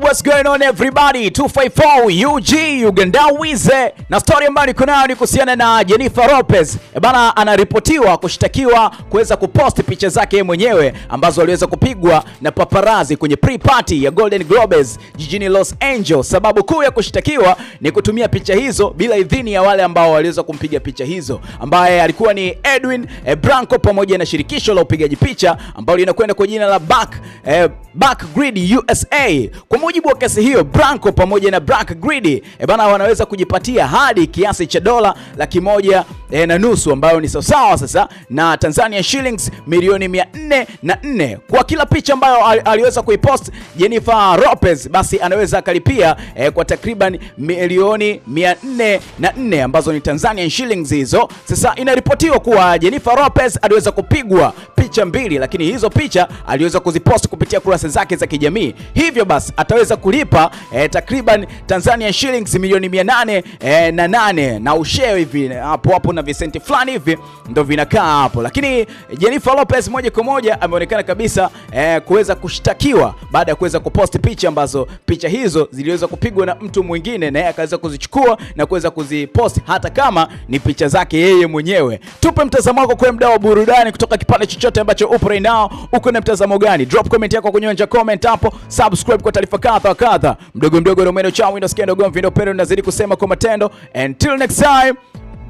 what's going on everybody? 254 UG Uganda Wize na story ambayo niko nayo ni kuhusiana na Jennifer Lopez. E bana, anaripotiwa kushtakiwa kuweza kupost picha zake mwenyewe ambazo aliweza kupigwa na paparazi kwenye pre-party ya Golden Globes jijini Los Angeles. Sababu kuu ya kushtakiwa ni kutumia picha hizo bila idhini ya wale ambao waliweza kumpiga picha hizo, ambaye alikuwa ni Edwin eh, Branco pamoja na shirikisho la upigaji picha ambalo linakwenda kwa jina la Back, eh, Back Grid USA. Kwa mujibu wa kesi hiyo, Branco pamoja na Black Greedy e bana wanaweza kujipatia hadi kiasi cha dola laki moja e, na nusu ambayo ni sawasawa sasa na Tanzania shillings milioni mia nne na nne kwa kila picha ambayo aliweza kuipost Jennifer Lopez, basi anaweza akalipia e, kwa takriban milioni mia nne na nne ambazo ni Tanzania shillings hizo. Sasa inaripotiwa kuwa Jennifer Lopez aliweza kupigwa picha mbili, lakini hizo picha aliweza kuzipost kupitia kurasa zake za kijamii. Hivyo basi ataweza kulipa eh, takriban Tanzania shillings milioni 800 eh, na nane na usheo hivi hapo hapo na visenti fulani hivi ndo vinakaa hapo, lakini eh, Jennifer Lopez moja kwa moja ameonekana kabisa eh, kuweza kushtakiwa baada ya kuweza kupost picha ambazo picha hizo ziliweza kupigwa na mtu mwingine na yeye akaweza kuzichukua na kuweza kuzipost hata kama ni picha zake yeye mwenyewe. Tupe mtazamo wako kwa mdau wa burudani kutoka kipande chochote ambacho upo right now, uko na mtazamo gani? Drop comment yako kwenye uwanja comment hapo, subscribe kwa taarifa kadha kadha. Mdogo mdogo Romeno Chawi ndio skendo gomvi ndio pendo nazidi kusema kwa matendo. Until next time,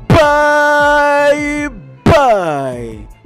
bye bye.